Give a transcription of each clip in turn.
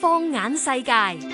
放眼世界。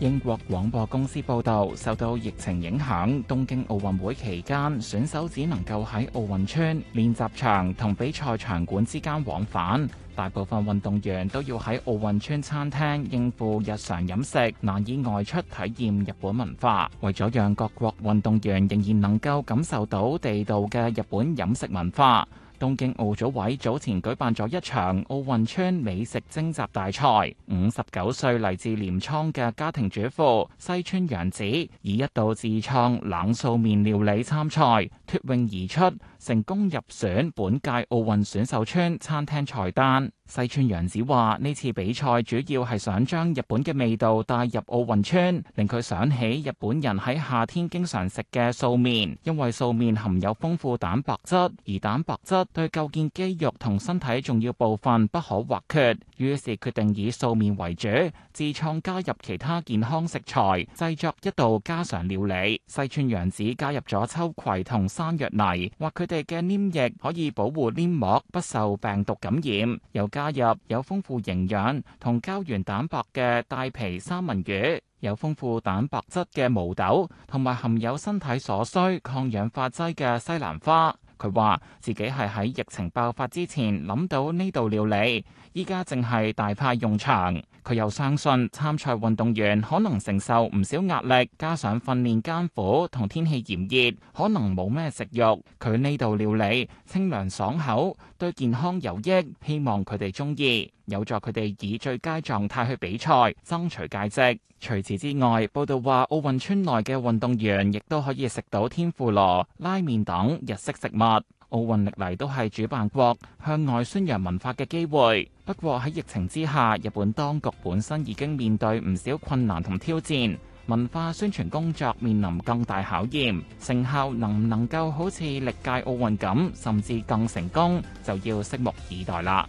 英國廣播公司報導，受到疫情影響，東京奧運會期間，選手只能夠喺奧運村練習場同比賽場館之間往返，大部分運動員都要喺奧運村餐廳應付日常飲食，難以外出體驗日本文化。為咗讓各國運動員仍然能夠感受到地道嘅日本飲食文化。東京奧組委早前舉辦咗一場奧運村美食徵集大賽，五十九歲嚟自鐮倉嘅家庭主婦西川洋子，以一道自創冷素麵料理參賽，脫穎而出，成功入選本屆奧運選手村餐廳菜單。西村洋子話：呢次比賽主要係想將日本嘅味道帶入奧運村，令佢想起日本人喺夏天經常食嘅素麵，因為素麵含有豐富蛋白質，而蛋白質對構建肌肉同身體重要部分不可或缺。於是決定以素麵為主，自創加入其他健康食材，製作一道家常料理。西村洋子加入咗秋葵同山藥泥，話佢哋嘅黏液可以保護黏膜不受病毒感染。有加入有豐富營養同膠原蛋白嘅帶皮三文魚，有豐富蛋白質嘅毛豆，同埋含有身體所需抗氧化劑嘅西蘭花。佢話自己係喺疫情爆發之前諗到呢道料理，依家淨係大派用場。佢又相信參賽運動員可能承受唔少壓力，加上訓練艱苦同天氣炎熱，可能冇咩食慾。佢呢道料理清涼爽口，對健康有益，希望佢哋中意。有助佢哋以最佳狀態去比賽，爭取佳績。除此之外，報道話奧運村內嘅運動員亦都可以食到天婦羅、拉麵等日式食物。奧運歷嚟都係主辦國向外宣揚文化嘅機會。不過喺疫情之下，日本當局本身已經面對唔少困難同挑戰，文化宣傳工作面臨更大考驗。成效能唔能夠好似歷屆奧運咁，甚至更成功，就要拭目以待啦。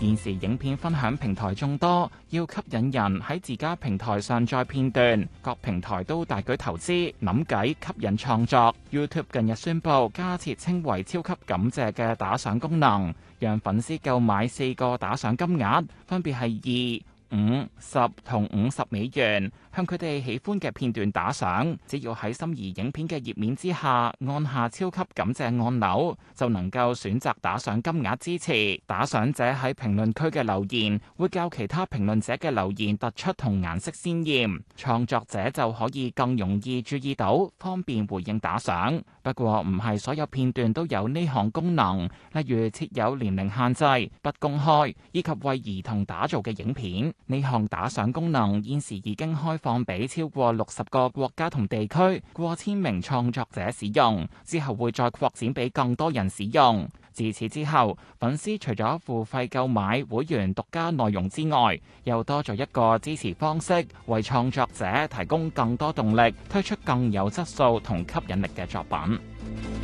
現時影片分享平台眾多，要吸引人喺自家平台上載片段，各平台都大舉投資、諗計吸引創作。YouTube 近日宣布加設稱為「超級感謝」嘅打賞功能，讓粉絲購買四個打賞金額，分別係二。五十同五十美元向佢哋喜歡嘅片段打賞，只要喺心儀影片嘅頁面之下按下超級感謝按鈕，就能夠選擇打賞金額支持。打賞者喺評論區嘅留言會較其他評論者嘅留言突出同顏色鮮艷，創作者就可以更容易注意到，方便回應打賞。不過唔係所有片段都有呢項功能，例如設有年齡限制、不公開，以及為兒童打造嘅影片。呢項打賞功能現時已經開放俾超過六十個國家同地區過千名創作者使用，之後會再擴展俾更多人使用。自此之後，粉絲除咗付費購買會員獨家內容之外，又多咗一個支持方式，為創作者提供更多動力，推出更有質素同吸引力嘅作品。